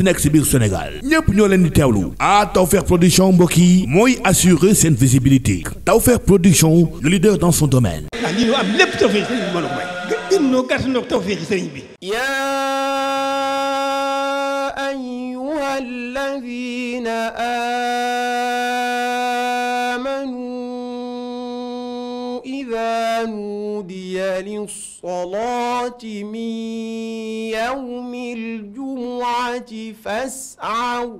munti nekk si biir Sénégal ñépp ñoo leen di teewlu ah Tawfekh production mbokk yi mooy assurer seen visibilité Tawfekh production le leader dans son domaine ah lii am lépp Tawfekh sëriñ bi mën a may gën noo gàtt noo Tawfekh sëriñ bi yaa ayyuhalladhina amanu idha nudiya lis الصلاة من يوم الجمعة فاسعوا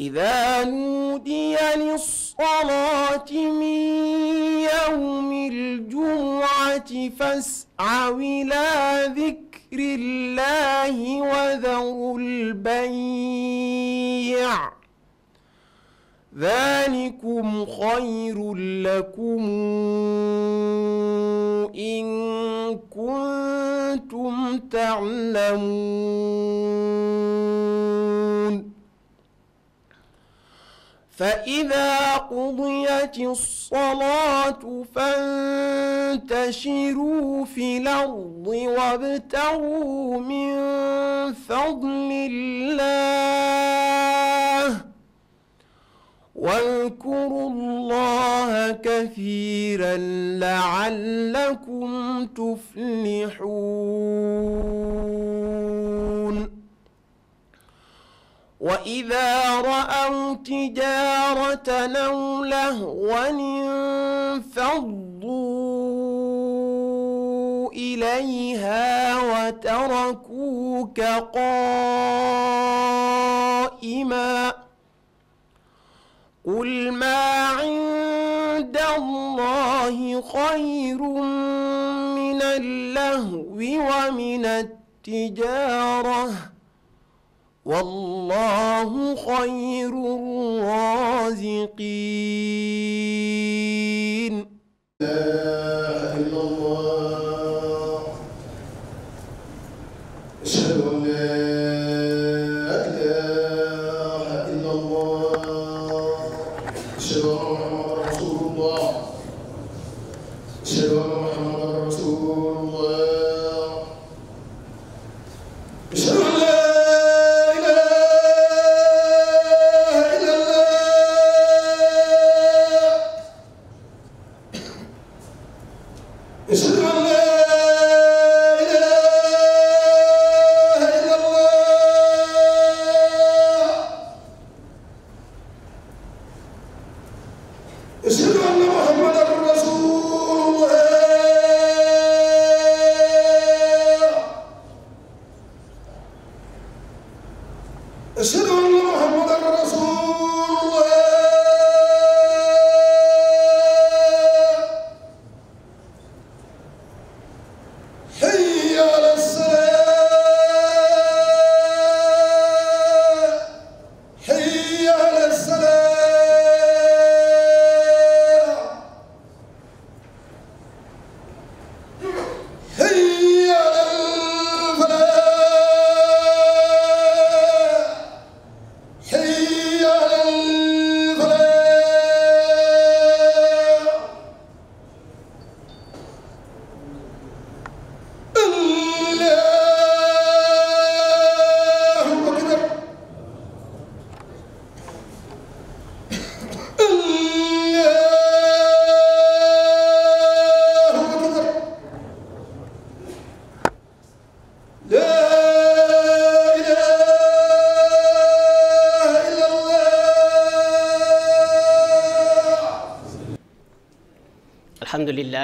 إذا نودي للصلاة من يوم الجمعة فاسعوا إلى ذكر الله وذروا البيع ذلكم خير لكم إن كنتم تعلمون فإذا قضيت الصلاة فانتشروا في الأرض وابتغوا من فضل الله واذكروا الله كثيرا لعلكم تفلحون واذا راوا تجاره او لهوا انفضوا اليها وتركوك قائما قل ما عند الله خير من اللهو ومن التجارة والله خير الرازقين It's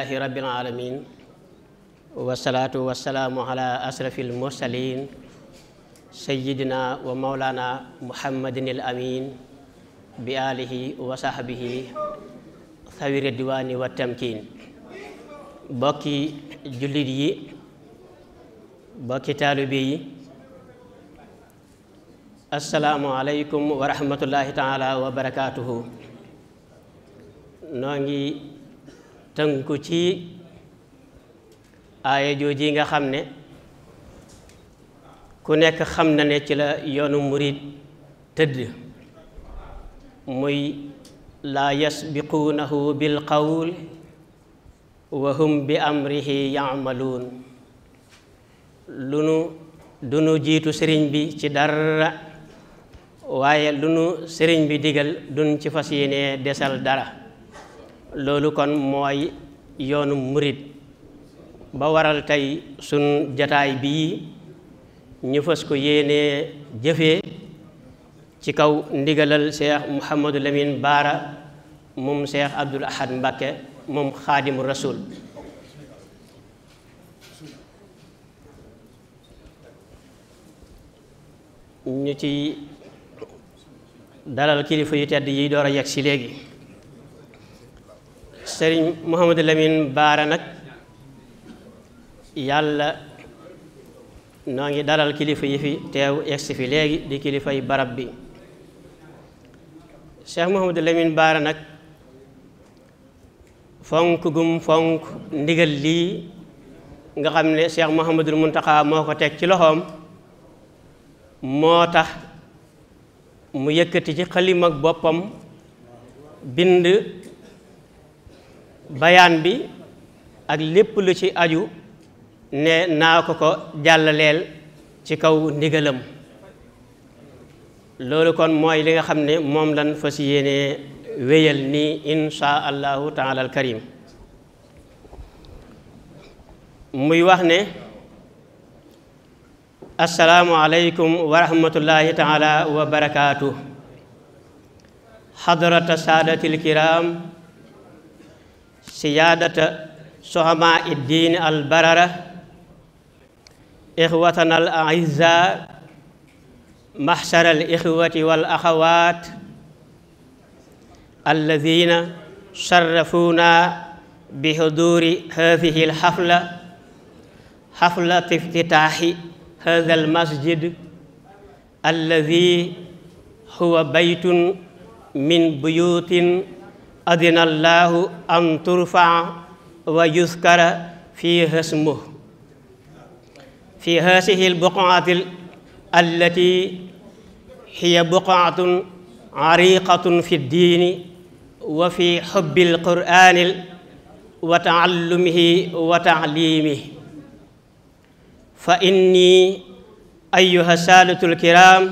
alhamdulillahi rabbil alamin wasalaatu wasalaamu ala asrafil mursalin sayyidina wa mawlana muhammadin al amin bi alihi wa sahbihi thawir diwaani wa tamkin bokki jullit yi bokki taalibe yi assalaamu aleykum wa rahmatullahi taala wa barakaatuhu noo ngi tënku ci aaya jooji nga xam ne ku nekk xam na ne ci la yoonu murid tëdd muy laa yasbiquunahu bil qawl wa hum bi amrihi yaamaluun lu nu du nu jiitu sëriñ bi ci dara waaye lu nu sëriñ bi digal duñ ci fas yéene desal dara loolu kon mooy yoonu murit ba waral tey suñ jataay bii ñu fas ko yéene jëfe ci kaw ndigalal cheikh Mouhamadou Lamine Baara moom cheikh Abdoul Ahad Mbacké moom xaadimu rasul ñu ci dalal kilifa yu tedd yi door a yegg si léegi sëriñ Mouhamadou Lamine Baara nag yàlla noo ngi dalal kilifa yi fi teew yegsi fi léegi di kilifay barab bi Cheikh Mouhamadou Lamine Baara nag fonk gum fonk ndigal lii nga xam ne Cheikh Mouhamadul Muntaxa moo ko teg ci loxoom moo tax mu yëkkati ci xalim boppam bind bayaan bi ak lépp lu ci aju ne naa ko ko jàllaleel ci kaw ndigalam loolu kon mooy li nga xam ne moom lan fa si yéenee wéyal nii insha allahu taala al karim muy wax ne asalaamualeykum wa rahmatullahi taala wa barakaatu xadrata saadatil kiram سيادة شهماء الدين البررة إخوتنا الأعزاء محشر الإخوة والأخوات الذين شرفونا بحضور هذه الحفلة حفلة افتتاح هذا المسجد الذي هو بيت من بيوت adina allahu an turfaa wa yuskara fi hasmuh fi hasihi albuqaati allati hiya buqaatun ariqatun fi ddiini wa fi hubbi alqur'ani wa taallumihi wa taalimihi fa inni ayyuha saadatu alkiram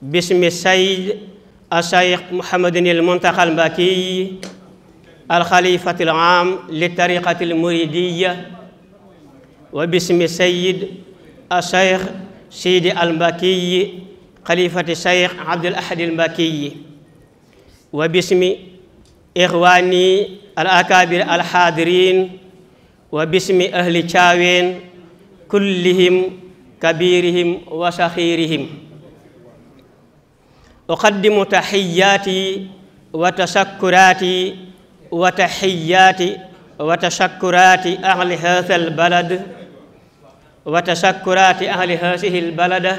bismi sayd الشيخ محمد المنتقى المكي الخليفة العام للطريقة المريدية وباسم السيد الشيخ سيدي المكي خليفة الشيخ عبد الأحد المكي وباسم إخواني الأكابر الحاضرين وباسم أهل تشاوين كلهم كبيرهم وصغيرهم uqaddimu taxiyaati wa tashakkuraati wa taxiyaati wa tashakkuraati ahli haasa albalad wa tashakkuraati ahli haasihi albalada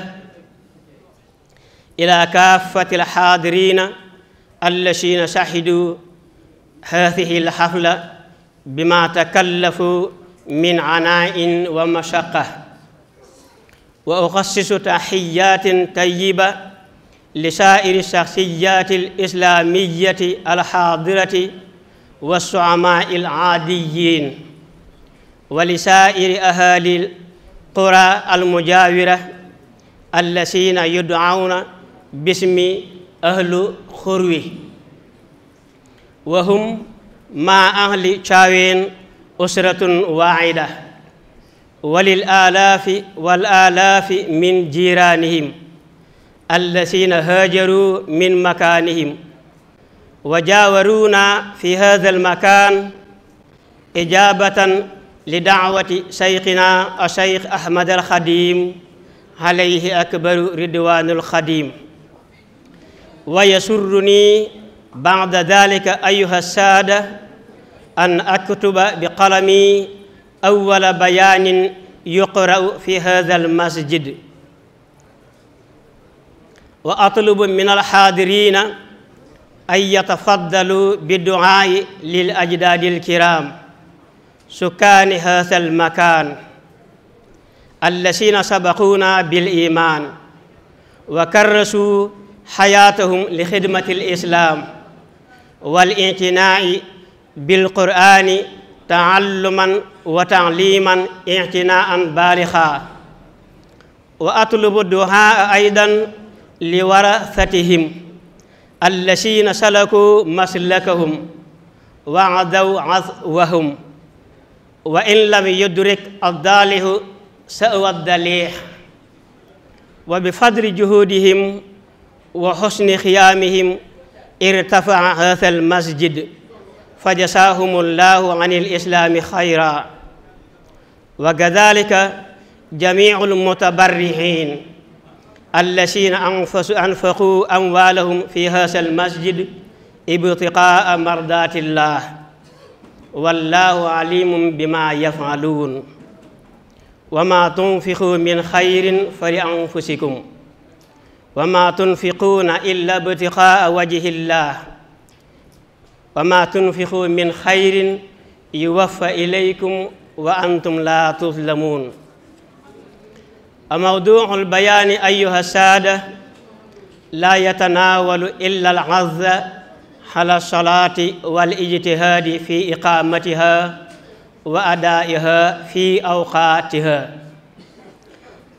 ila kaafati alxaadirina allasiina shahiduu haasihi alxafla bima takallafu min anaa'in wa mashaqa wa uxassisu taxiyatin tayiba li saa'iri shaxsiyaati al islaamiyati alxaadirati wa suamaa il aadiyin wa li saa'iri ahaali al qura al mujaawira allasiina yudcawna bismi ahlu xurwi wa hum maa ahli caaween usratun waahida wa lil aalaafi wal aalaafi min jiiraanihim allazina haajaru min makaanihim wa jaawaruuna fi hada almakan ijaabatan li daawati cheykhina a cheykh ahmad alxadim alayhi akbaru ridwanu alxadim wa yasurruni bada dalika ayuha saada an aktuba bi qalami awala bayaanin yuqra'u fi hada almasjid wa atlubu min alxaadirina an yatafaddalu bi duaai lil ajdaadi alkiram sukkaani haatha almakan allazina sabaquuna bil iman wa karrasu xayaatahum li xidmati alislaam wal intinaa'i bil qur'aani taalluman wa taaliman intinaa'an baalixa wa atlubu duhaa aydan li warasatihim allazina salaku maslakahum wa adaw azwahum wa in lam yudrik addaalihu sawa addalih wa bi fadli juhudihim wa xusni xiyaamihim irtafaa haatha almasjid fa jasaahum allahu an alislaami xayra wa kadalika jamiu almutabarrihin allazina anfaqu amwaalahum fi haza almasjid ibtiqaa mardatillah wallahu alimun bima yafaluun wa ma tunfiqu min xayrin fa li anfusikum wa ma tunfiquuna illa ibtiqaa wajhillah wa ma tunfiqu min xayrin yuwaffa ilaykum wa antum la tuzlamuun وموضوع البيان أيها السادة لا يتناول إلا العز على الصلاة والاجتهاد في إقامتها وأدائها في أوقاتها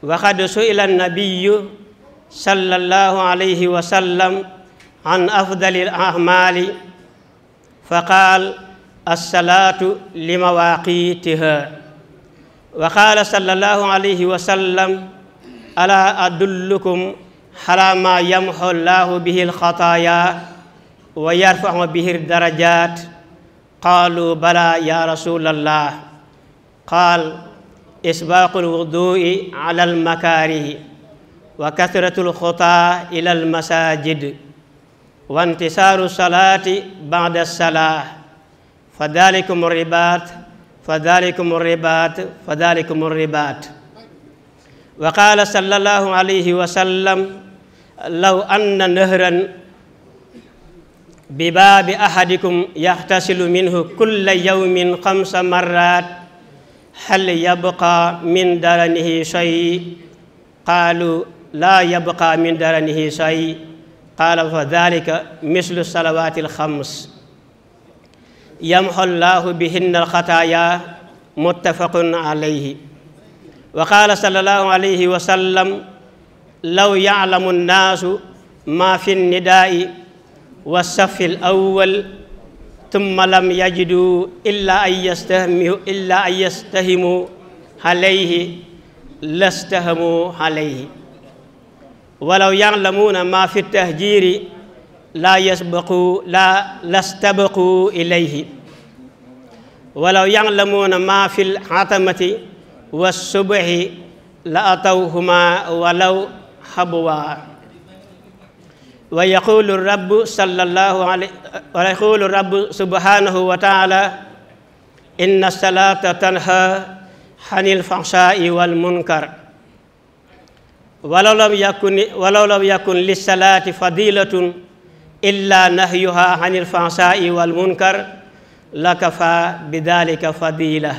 وقد سئل النبي صلى الله عليه وسلم عن أفضل الأعمال فقال الصلاة لمواقيتها wa qaala sallallahu alayhi wa sallam alaa adullukum alaa maa yamxu llaahu bihi alxataaya wa yarfaxu bihi darajaat qaalu balaa yaa rasuulallah qaal isbaaqul wuduu'i alal makaarihi wa kasratul xutaa ilal masaajid wa intisaaru salaati ba'da salaa fa daalikum ribaat fa dalikum ribaat fa dalikum ribaat wa qaala sallallahu alayhi wa sallam law anna nahran bi baabi ahadikum yaxtasilu minhu kulla yawmin xamsa marrat hal yabqa min daranihi shay qaalu laa yabqa min daranihi shay qaala fa dalika mislu salawaati alxams yamxu llaahu bihinna alxataaya muttafaqun alayhi wa qaala sallallahu alayhi wa sallam law yaclamu nnaasu maa fi nnidaai wa safi alawal tumma lam yajidu illa an yastahmihu illa an yastahimu alayhi lastahamu alayhi walaw yaclamuuna maa fi tahjiiri laa yasbaqu laa lastabaqu ilayhi walaw ya'lamuuna maa fi l-xatamati wa subhi la atawhuma walaw habwa wa yaqulu rabbu sallallahu alayhi wa yaqulu rabbu subhanahu wa ta'ala inna salata tanha anil fahsha'i wal munkar walaw lam yakun walaw lam yakun lis salati fadilatun illa nahyuha anil fahsaa'i wal munkar lakafa bi dalika fadila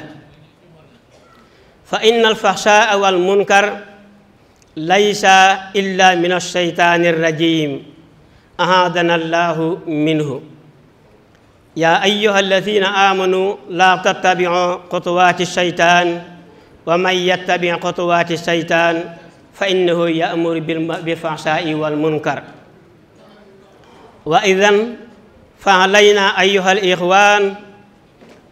fa inna alfahsaa wal munkar laysa illa min alsheytaani irrajim ahadana allahu minhu yaa ayuha alladina aamanu laa tattabicu xutuwaati sheytaan wa man yattabic xutuwaati sheytaan fa innahu yaamuru bilfahsaai wal munkar wa idan fa alayna ayuha al ixwan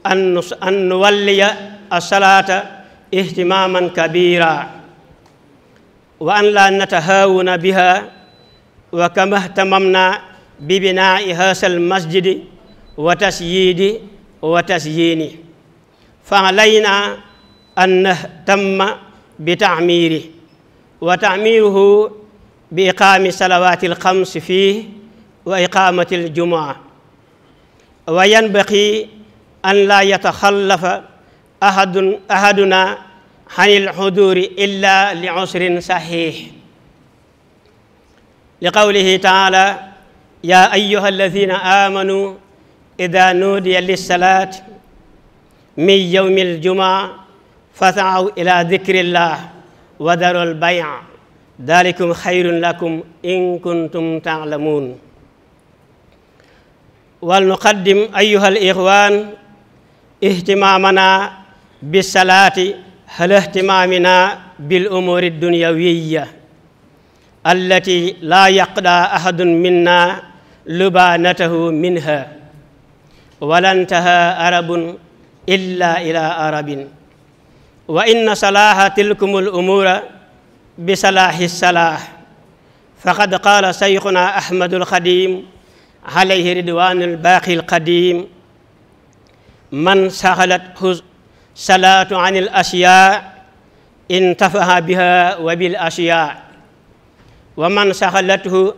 an nuwalliya alsalaata ihtimaman kabira wa an la natahawuna biha wa kama ihtamamna bi binaa'i haasa almasjidi wa tasyiidi wa tasyiini fa alayna an nahtamma bi taamiiri wa taamiiruhu bi iqaami salawaati alxams fiih wa iqaamatil jumaa wa yanbaqi an laa yataxallafa ahadun ahaduna xanil xuduuri illa li usrin saxiix li qawlihi taala yaa ayyuha alladina aamanu ida nuudiya lissalaat min yowmi aljumaa fasaaw ila dikrillah wa darul bay' dalikum xayrun lakum in kuntum taalamuun wal nuqaddim ayyuhal ixwaan ihtimaamana bis salaati ala ihtimaamina bil umuuri dunyawiyya allati laa yaqdaa ahadun minna lubaanatahu minha walantaha arabun illa ila arabin wa inna salaaha tilkumul umuura bi salaahi salaah faqad qaala sayxuna ahmadul xadiim alayhi ridwaan albaaqi alqadim man saxalat hu salaatu an il asiyaa intafaha biha wa bil asiyaa wa man saxalathu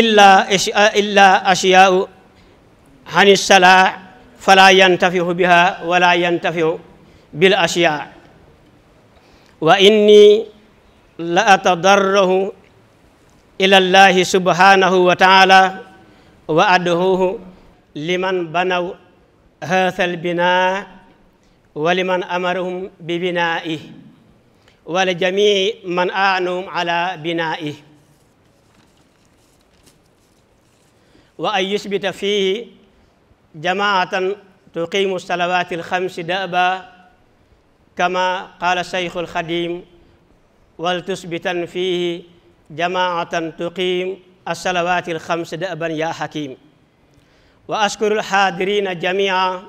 illa illa asiyaau an ilsalaa falaa yantafihu biha wala yantafihu bil asiyaa wa inni la atadarrahu ila allahi subhanahu wa taala wa adhuuhu liman banaw haasal binaa wa liman amarahum bi binaa'i wa li jamii man aanahum ala binaa'i wa an yusbita fiihi jamaatan tuqiimu salawaati alxamsi daba kama qaala sayxu alxadim wal tusbitan fiihi jamaatan tuqiim الصلوات الخمس دأبا يا حكيم وأشكر الحاضرين جميعا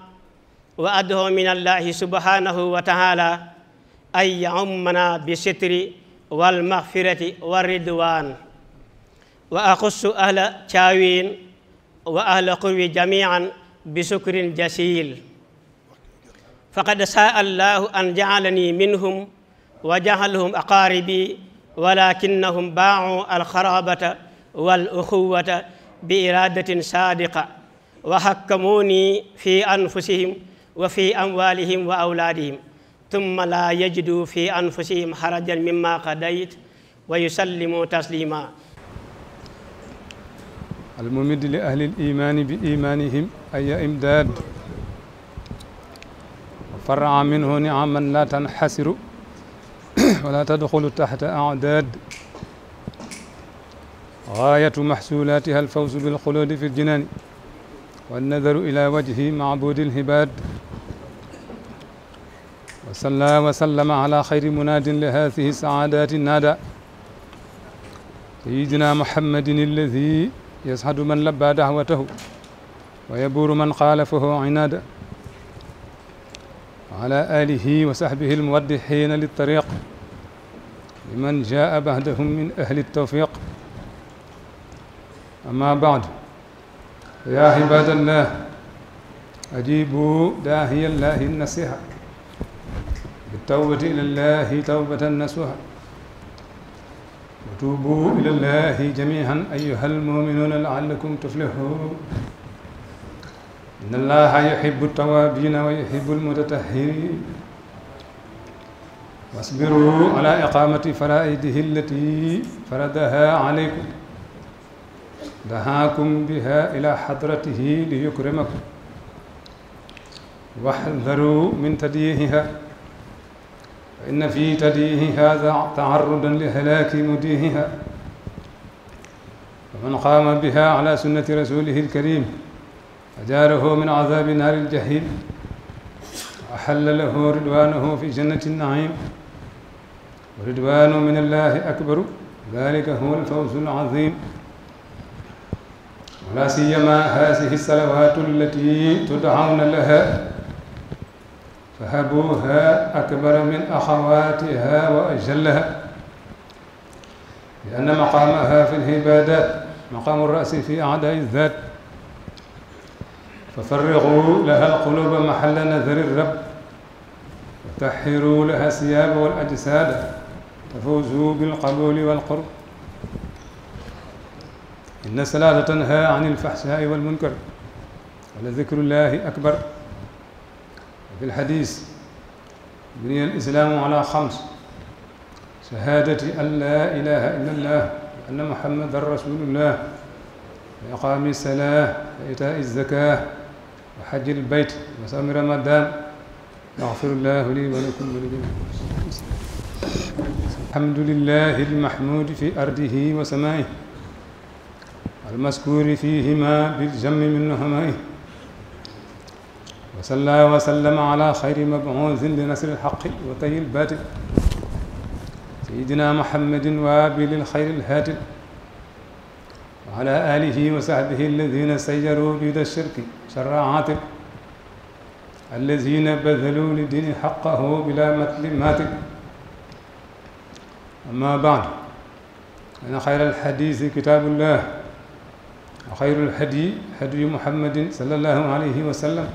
وأدعو من الله سبحانه وتعالى أن يعمنا بالستر والمغفرة والرضوان وأخص أهل تشاوين وأهل قرب جميعا بشكر جسيل فقد شاء الله أن جعلني منهم وجعلهم أقاربي ولكنهم باعوا الخرابة wal uxuwata bi iradatin saadiqa wa hakkamuuni fi anfusihim wa fi amwalihim wa awlaadihim tumma laa yajidu fi anfusihim xarajan mimma qadayt wa yusallimu taslima almumid li ahli limaani bi imaanihim aya imdaad wa faraa minhu niaman la tanxasiru wala tadxulu taxta acdaad gaayatu maxsuulaatiha alfawzu bilxuluudi fi ljinaani wannadaru ila wajhi macbuudi alhibaad wa salla wa sallama ala xayri munaadin li haadihi saadaati naada sayidina muhammadin alladi yashadu man labba dahwatahu wa yabuuru man xaalafahu inaada wa ala aalihi wa saxbihi almuwaddixiina litariq liman jaa bahdahum min ahli tawfiq أما بعد يا عباد الله أجيبوا داعي الله النصيحة بالتوبة إلى الله توبة نصوحة وتوبوا إلى الله جميعا أيها المؤمنون لعلكم تفلحون إن الله يحب التوابين ويحب المتطهرين واصبروا على إقامة فرائده التي فرضها عليكم dahaakum biha ila hadratihi li yukrimakum wahdaru min tadyihiha fa inna fi tadyihi hada taarrudan li halaaki mudiihiha wa man qaama biha ala sunnati rasulihi alkarim ajaarahu min azaabi naari aljahim wa ahalla lahu ridwaanahu fi jannati annaim wa ridwaanu min allahi akbaru dalika huwa alfawzu alazim laa siyama haasihi salawaatu allati tud'awna laha fahabuha akbara min axawaatiha wa ajallaha li anna maqaamaha fi lcibadat maqaamu rasi fi acdaai zat fafarriquu laha alquluba maxalla nadari rab wa taxiruu laha siyaaba wal ajsaada tafuuzu bilqabuli walqurb inna salaata tanha an ilfaxshaai walmunkar wala dicrullahi akbar fi lxadis buniya alislaamu ala xams shahaadati an laa ilaha illa allah wa anna muhammadan rasulullah wa iqaami salaa wa itaai zaka wa xaji lbeyt wa sawmi ramadan yaxfirullahu li wa lakum wa lijamiikum alhamdulillahi almahmuudi fi ardihi wa samaa'ihi المذكور فيهما بالجم من نهمائه وصلى وسلم على خير مبعوث لنصر الحق وطي الباطل سيدنا محمد وابل الخير الهاتل وعلى آله وصحبه الذين سيروا بيد الشرك شر عاتل الذين بذلوا لدين حقه بلا مثل ماتل أما بعد أن خير الحديث كتاب الله وخير الهدي هدي محمد صلى الله عليه وسلم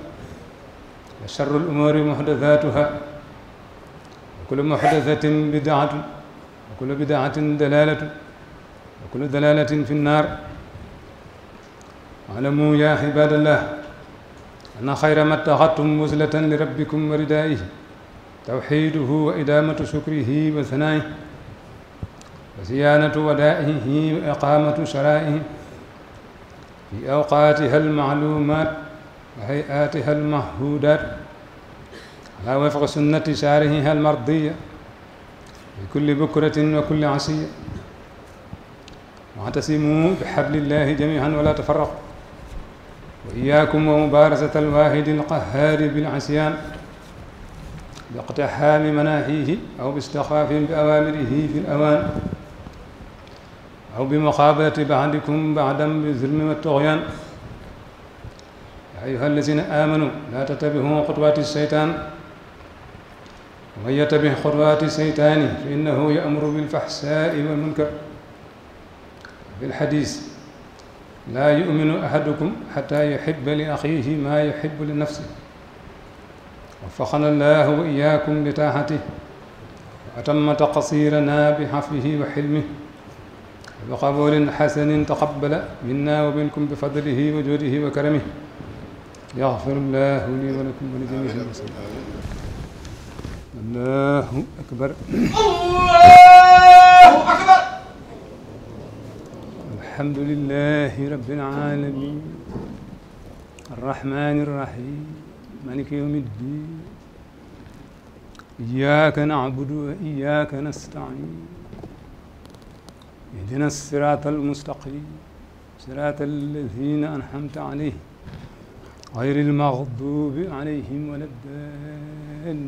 وشر الأمور محدثاتها وكل محدثة بدعة وكل بدعة دلالة وكل دلالة في النار اعلموا يا عباد الله أن خير ما اتخذتم وسلة لربكم وردائه توحيده وإدامة شكره وثنائه وزيانة ودائه وإقامة شرائه في أوقاتها المعلومات وهيئاتها المعهودات على وفق سنة شارحها المرضية في كل بكرة وكل عشية واعتصموا بحبل الله جميعا ولا تفرقوا وإياكم ومبارزة الواحد القهار بالعصيان باقتحام مناهيه أو باستخفاف بأوامره في الأوان aw bi muqaabalati baxdikum baxdan bi zulmi wa toxyaan yaa ayuha allazina amanu laa tattabihu xutuwaati seytaan wa yattabi xutuwaati seytaani fa innahu yaamuru bilfaxsaai wal munkar bil xadiis laa yuminu ahadukum xataa yuxiba li axiihi maa yuxibu li nafsi waffaqana allahu wa iyaakum li taaxati wa atamma taqsiranaa bi xafihi wa xilmihi وقبول حسن تقبل منا ومنكم بفضله وجوده وكرمه يغفر الله لي ولكم ولجميع المسلمين الله أكبر الله أكبر الحمد لله رب العالمين الرحمن الرحيم مالك يوم الدين إياك نعبد وإياك نستعين اهدنا الصراط المستقيم صراط الذين أنعمت عليهم غير المغضوب عليهم ولا الضالين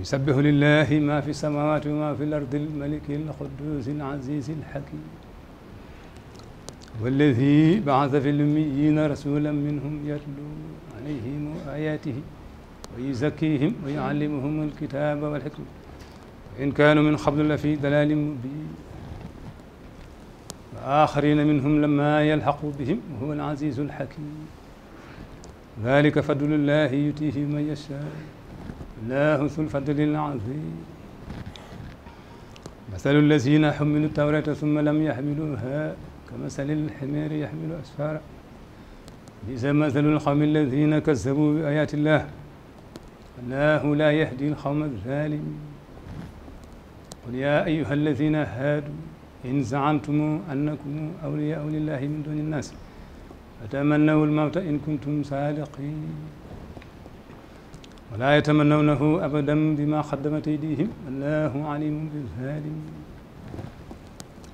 يسبح لله ما في السماوات وما في الأرض الملك القدوس العزيز الحكيم والذي بعث في الأميين رسولا منهم يتلو عليهم آياته ويزكيهم ويعلمهم الكتاب والحكمة in kaanu min qablu la fi dalaalin mubiin wa axarina minhum lamma yalxaqu bihim wa huwa al-aziizu al-xakiim daalika fadlullaahi yutiihi man yashaa wallaahu zul fadli al-aziim masalu llaziina xummilu tawraata summa lam yaxmiluuhaa kamasali al-xamaari yaxmilu asfaaran bi'sa masalu al-qawmi allaziina kazzabuu bi aayaati llaah wallaahu laa yahdi al-qawma az-zaalimiin قل يا أيها الذين هادوا إن زعمتم أنكم أولياء لله من دون الناس فتمنوا الموت إن كنتم صادقين ولا يتمنونه أبدا بما قدمت أيديهم والله عليم بالظالمين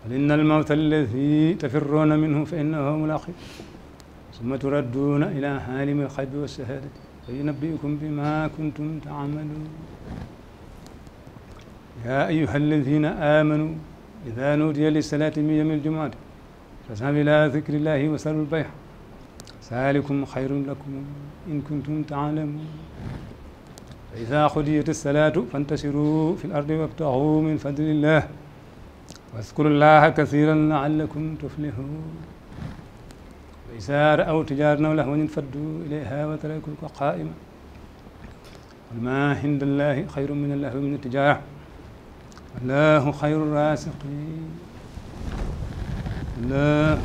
قل إن الموت الذي تفرون منه فإنه ملاقيكم ثم تردون إلى عالم الغيب والشهادة فينبئكم بما كنتم تعملون yaa ayyuha alladina amanu ida nuudiya lissalaati min yawmi aljumaati fasaw ila dikrillahi wa salu lbay'a zalikum xayrun lakum in kuntum taalamun fa ida qudiyat alsalaatu fantasiruu fi lardi wabtaxuu min fadlillah واذكروا الله كثيرا لعلكم تفلحون وإذا رأوا تجارة ولهوا انفضوا إليها وتركوك قائما قل ما عند الله خير من اللهو ومن التجارة allahu xayru raasiqin allahu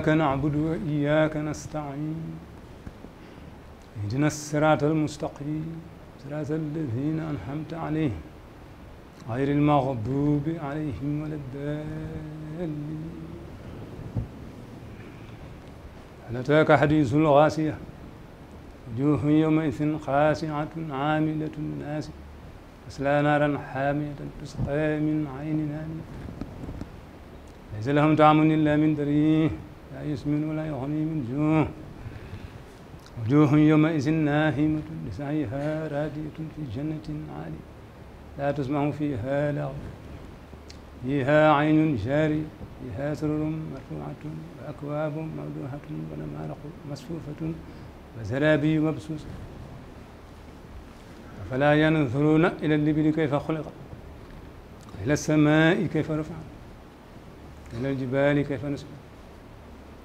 إياك نعبد وإياك نستعين اهدنا الصراط المستقيم صراط الذين أنعمت عليهم غير المغضوب عليهم ولا الضالين هل أتاك حديث الغاسية وجوه يومئذ خاسعة عاملة ناسية تسلى نارا حامية تسقى من عين آنية ليس لهم طعام إلا من ذريه laa yusminu wa laa yuxnii min juu' wujuuhun yawma'izin naa'imatun li sa'yihaa raadiyatun fii jannatin 'aaliya laa tasma'u fiihaa laagwan fiihaa 'aynun jaariyatun fiihaa sururun marfuu'atun wa akwaabun mawduu'atun wa namaariqu masfuufatun wa zaraabiyu mabsuusatun afalaa yanzuruuna ilal ibili kayfa xuliqat wa ilas samaa'i kayfa rufi'at wa ilal jibaali kayfa nusibat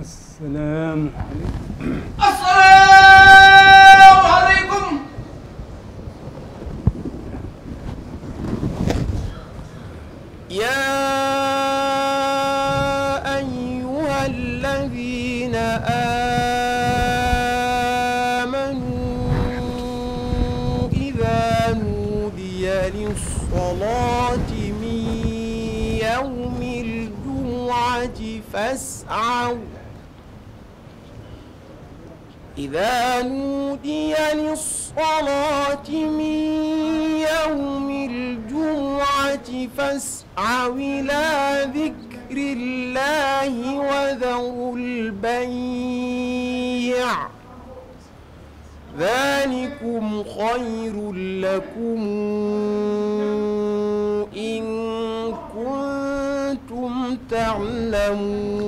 السلام إذا نودي للصلاة من يوم الجمعة فاسعوا إلى ذكر الله وذروا البيع ذلكم خير لكم إن كنتم تعلمون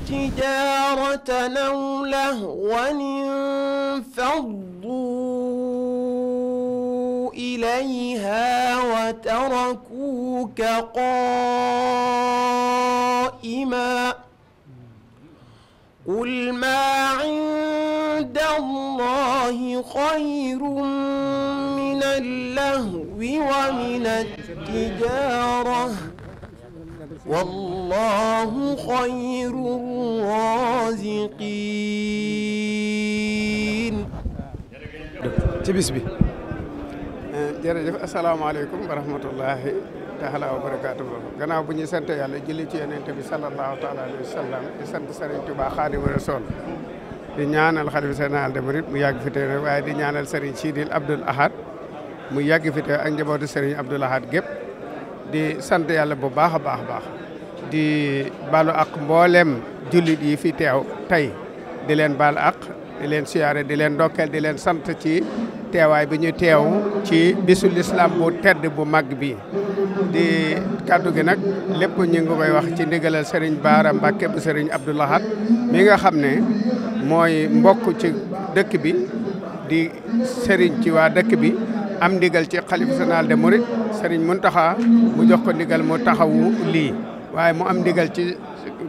تجارة أو لهوا انفضوا إليها وتركوك قائما قل ما عند الله خير من اللهو ومن التجاره والله خير الرازقين ci bis bi jërëjëf asalaamaaleykum wa rahmatullahi taala wa barakaatu gannaaw bu ñu sant yàlla julli ci yonent bi sallallahu taala alayhi sallam di sant Serigne Touba Xaadimu Rasuul di ñaanal xalifa général des mu yàgg fi tey waaye di ñaanal Serigne Sidil Abdoul Ahad mu yàgg fi tey ak njabootu Serigne Abdoul Ahad gépp di sant yàlla bu baax a baax baax di balu ak mboolem jullit yi fi teew tey di leen baal ak di leen siyaare di leen ndokkeel di leen sant ci teewaay bi ñu teew ci bisu lislaam bu tedd bu mag bi di kàddu gi nag lépp ñu ngi koy wax ci ndigalal Serigne Baara Mbacke bu Serigne Abdou mi nga xam ne mooy mbokk ci dëkk bi di Serigne ci waa dëkk bi am ndigal ci xalifa général des mourides Serigne Mountakha mu jox ko ndigal mu taxawu lii waaye mu am ndigal ci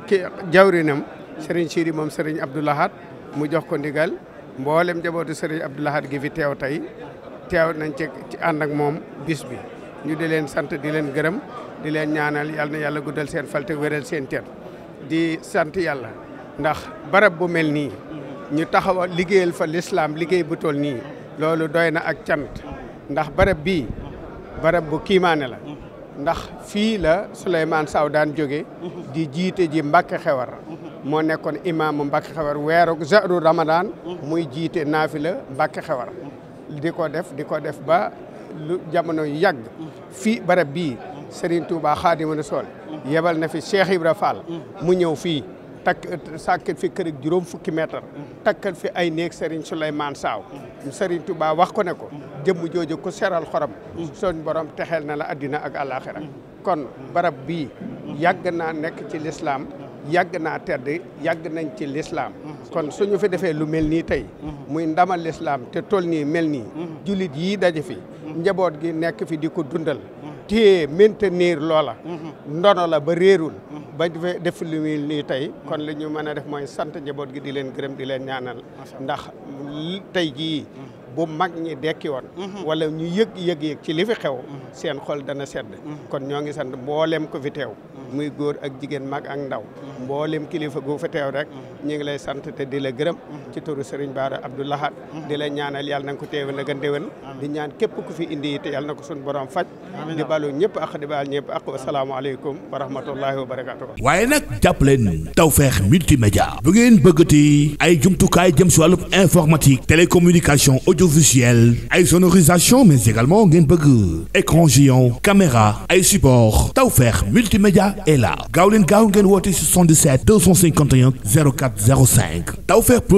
ki jawrinam Serigne Sidi moom Serigne Abdou Lahad mu jox ko ndigal mboolem njabootu Serigne Abdou Lahad gi fi teew tey teew nañ ci ci ànd ak moom bis bi ñu di leen sant di leen gërëm di leen ñaanal yal na yàlla guddal seen fal te seen ter di sant yàlla ndax barab bu mel nii ñu taxaw liggéeyal fa lislaam liggéey bu toll nii loolu doy na ak cant ndax barab bii barab bu kiimaane la ndax fii la Souleymane Sow joge di jiite ji Mbàkke Xewar moo nekkoon imaamu Mbàkke Xewar weeru zahru Ramadan muy jiite naafila Mbàkke Xewar di ko def di ko def ba lu jamono yu yàgg fii barab bii Serigne Touba Xaadimu Rasuul yebal na fi Cheikh Ibra Fall mu ñëw fii takk fi kër juróom fukki mètre. takkal fi ay néeg Serigne Souleymane Saaw. Serigne Touba wax ko ne ko. jëmm jooju ku seral xorom. soñ borom texeel na la addina ak àllaaxira kon barab bi yàgg naa nekk ci lislaam yàgg naa tedd yàgg nañ ci lislaam kon suñu fi defee lu mel nii tey. muy ndamal lislaam te toll nii mel nii. julit yii daje fi. njaboot gi nekk fi di ko dundal. téye maintenir loola. ndono la ba réerul. ba def lu muy nii tey kon li ñu mën a def mooy sant njaboot gi di leen gërëm di leen ñaanal ndax tey jii mm-hmm. bu mag ñi dekki woon mm-hmm. wala ñu yëg yëg yëg ci li fi xew mm-hmm. seen xol dana sedd kon ñoo ngi sant mboolem ko fi teew muy góor ak jigéen mag ak ndaw mboolem kilifa gu fa teew rek ñu ngi lay sant te di la gërëm ci turu Serigne baar Abdou Lahad di la ñaanal yàlla na ko teewe na nga ndéwén di ñaan képp ku fi indi te yàlla na ko suñu borom faj di balu ñëpp ak di baal ñëpp ak asalaamaaleykum wa rahmatullahi wa barakatuh waaye nag jàpp leen Tawfekh multimédia bu ngeen bëgg ti ay jumtukaay jëm si wàllu informatique télécommunication audiovisuelle ay sonorisation mais également ngeen bëgg écran géant caméra ay support Tawfekh multimédia est là gaaw leen gaaw ngeen woote 77 251 04 05 Tawfekh